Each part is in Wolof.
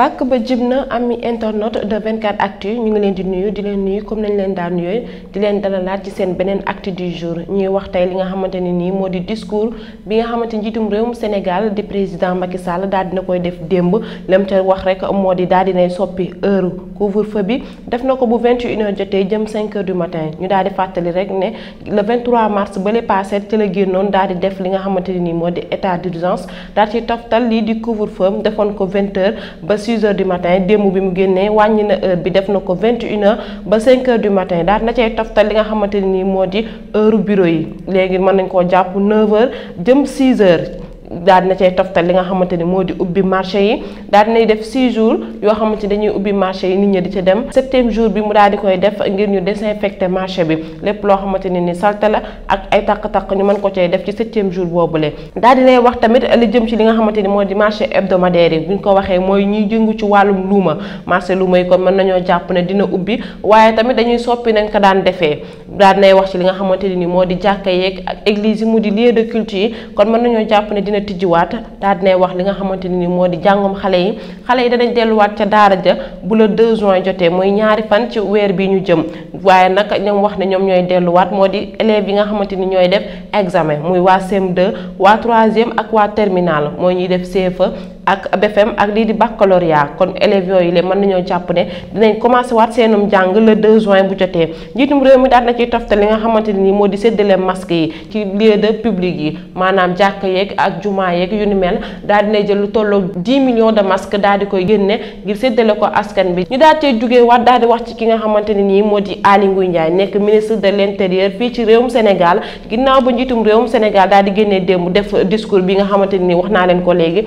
bàkk ba jib na ami internet de 24 actu ñu ngi leen di nuyu di leen nuyu comme nañ leen daan nuyoo di leen dalalaat ci seen beneen actu du jour ñuy wax tey li nga xamante ne nii moo di discours bi nga xamante njiitum réewum Sénégal di président Macky Sall daal na koy def démb lam ca wax rek moo di daal dinay soppi heure couvre-feu bi def na ko bu 21h jotee jëm 5h du matin ñu daal di fàttali rek ne le 23 mars bale passé ci la génnoon daal di def li nga xamante ne nii moo di état d'urgence daal ci toftal lii di couvre-feu defoon ko 20h 6 heures du matin démb bi mu génnee wàññi na heure bi def na ko 21 heures ba 5 heures du matin daal na cay toftal li nga xamante ni moo di heure bureau yi léegi mën nañ koo jàpp 9 heures jëm 6 heures. daal dina cay toftal li nga xamante ni moo di ubbi marché yi daal dinay def 6 jours yoo xamante ni dañuy di ca dem septième jour bi mu daal di koy def ngir ñu désinfecté marché bi lépp loo xamante ni ni salte la ak ay taq-taq ñu mën ko cay def ci septième jour boobule daal dinay wax tamit li jëm ci li nga xamante ni moo di marché hebdomadaire yi bu ko waxee mooy ñuy jëngu ci wàllum luuma marché luuma yi kon mën nañoo jàpp ne dina ubbi waaye tamit dañuy soppi nañ ko daan defee daal dinay wax ci li nga xamante ni moo di jàkka yeeg ak église yi mu di lieu de culte yi kon mën nañoo jàpp ne dina dina tijjiwaat daal dinay wax li nga xamante ni moo di jàngum xale yi xale yi danañ delluwaat ca daara ja bu la 2 juin jotee mooy ñaari fan ci weer bi ñu jëm waaye nag ñoom wax ne ñoom ñooy delluwaat moo di élèves yi nga xamante ni ñooy def examen muy waa CM2 waa troisième ak waa terminale mooy ñuy def CFA e. ak BFM ak lii di baccalauréat kon élèves yooyu le mën nañoo jàpp ne dinañ commencé waat seenum jàng le 2 juin bu jotee njiitum réew mi daal na ciy toftal li nga xamante ne nii moo di séddale masque yi ci lieu de public yi maanaam jàkk yeeg ak jumaa yeeg yu ni mel daal dinay jël lu tolloo di millions de masques daal di koy génne ngir séddale ko askan bi ñu daal cee jugee waat daal di wax ci ki nga xamante ne nii moo di Aly Ngouille Ndiaye nekk ministre de l'intérieur fii ci réewum Sénégal ginnaaw ba njiitum réewum Sénégal daal di génnee démb def discours bi nga xamante ne nii wax naa leen ko léegi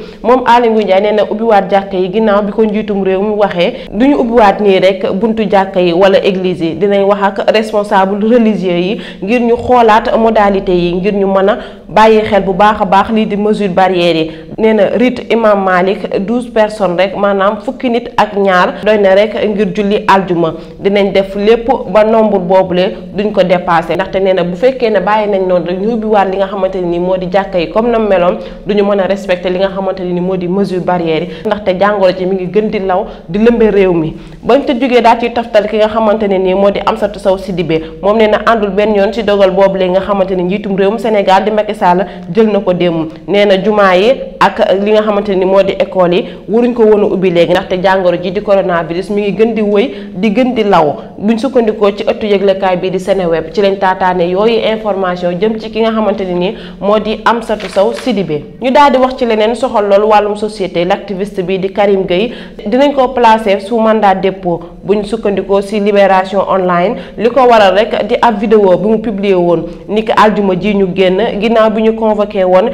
Nguy Ndiaye nee na ubbiwaat jàkka yi ginnaaw bi ko njiitum réew mi waxee du ñu ubbiwaat nii rek buntu jàkka yi wala église yi dinañ wax ak responsable religieux yi ngir ñu xoolaat modalité yi ngir ñu mën a bàyyi xel bu baax a baax lii di mesure barrière yi nee na rite imam Malik douze personnes rek maanaam fukki nit ak ñaar doy na rek ngir julli aljuma dinañ def lépp ba nombre boobule duñ ko dépassé ndaxte neena bu fekkee ne bàyyi nañ noonu rek ñu ubbi li nga xamante ne nii moo di jàkka yi comme na meloon duñu mën a respecté li nga xamante ne nii moo di mesure barrière yi ndaxte jàngoro ci mi ngi gën di law di lëmbe réew mi bañ te jógee daa ciy toftal ki nga xamante ne nii moo di saw si Sidibé moom nee na àndul benn yoon ci dogal boobu la nga xamante ne njiitum réewum Sénégal di Macky Sall jël na ko démb nee na jumaa yi ak li nga xamante ni moo di école yi waruñ ko woon a ubbi léegi ndaxte jàngoro ji di coronavirus mi ngi gën di wëy di gën di law buñ sukkandikoo ci ëttu yëglekaay bii di seen Seneweb ci lañ taataane yooyu information jëm ci ki nga xamante ne ni moo di Amsatou Sow Sidibé ñu daal di wax ci leneen soxal lool wàllum société l'activiste bii di Karim Gueye dinañ ko placer sous mandat dépôt buñ sukkandikoo si libération online li ko waral rek di ab vidéo bi mu publier woon niki aljuma ji ñu génn ginnaaw bi ñu convoqué woon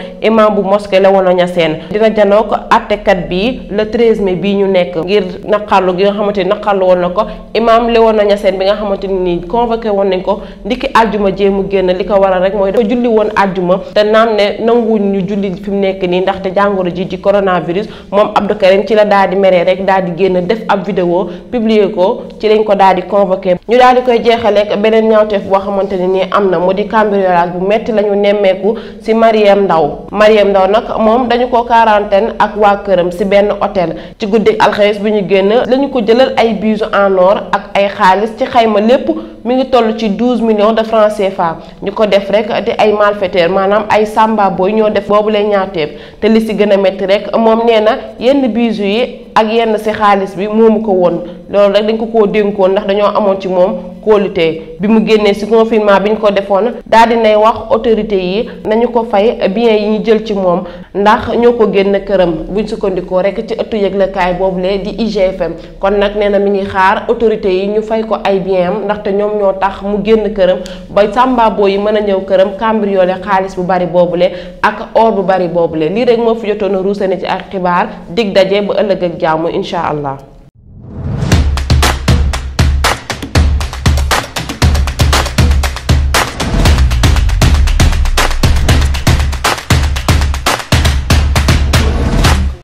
Sène dina janook àttekat bi le 13 mai bii ñu nekk ngir naqarlu gi nga xamante ni naqarlu woon na ko imaam Léona Niassène bi nga xamante ni convoqué woon nañ ko ndiki àjjuma jee mu génn li ko waral rek mooy dafa julli woon àjjuma te naam ne nanguwuñ ñu julli fi mu nekk nii ndaxte jàngoro ji ci coronavirus moom Abdou Karim ci la daal di meree rek daal di génn def ab vidéo publier ko ci lañ ko daal di convoqué ñu daal di koy jeexaleek beneen ñaawteef boo xamante ne nii am na mu di cambriolage bu metti la ñu nemmeeku si Mariam Ndaw ko quarantaine ak waa këram ci benn hôtel ci guddi alxames bi ñu génn lañu ko jëlal ay bijoux en or ak ay xaalis ci xayma lépp mi ngi toll ci douze millions de francs CFA ñu ko def rek di ay malfaiteurs maanaam ay samba boy ñoo def boobu lay ñaawteef te li ci gën a métti rek moom nee na yenn bijoux yi. ak yenn si xaalis bi moomu ko woon loolu rek dañ ko koo dénkoon ndax dañoo amoon ci moom kóolute bi mu génnee si confinement bi ñu ko defoon daal di nay wax autorité yi nañu ko fay bien yi ñu jël ci moom ndax ñoo ko génn këram buñ sukkandikoo rek ci ëttu yëglekaay boobule di IGFM kon nag nee na mi ngi xaar autorité yi ñu fay ko ay bien ndaxte ñoom ñoo tax mu génn këram ba sàmbaaboo yi mën a ñëw këram cambriolé xaalis bu bari boobu boobule ak oor bu bari boobu lee lii rek moo fi jotoon a ruusane ci ak xibaar dig daje ba ëllëg ak jàmm incha allah.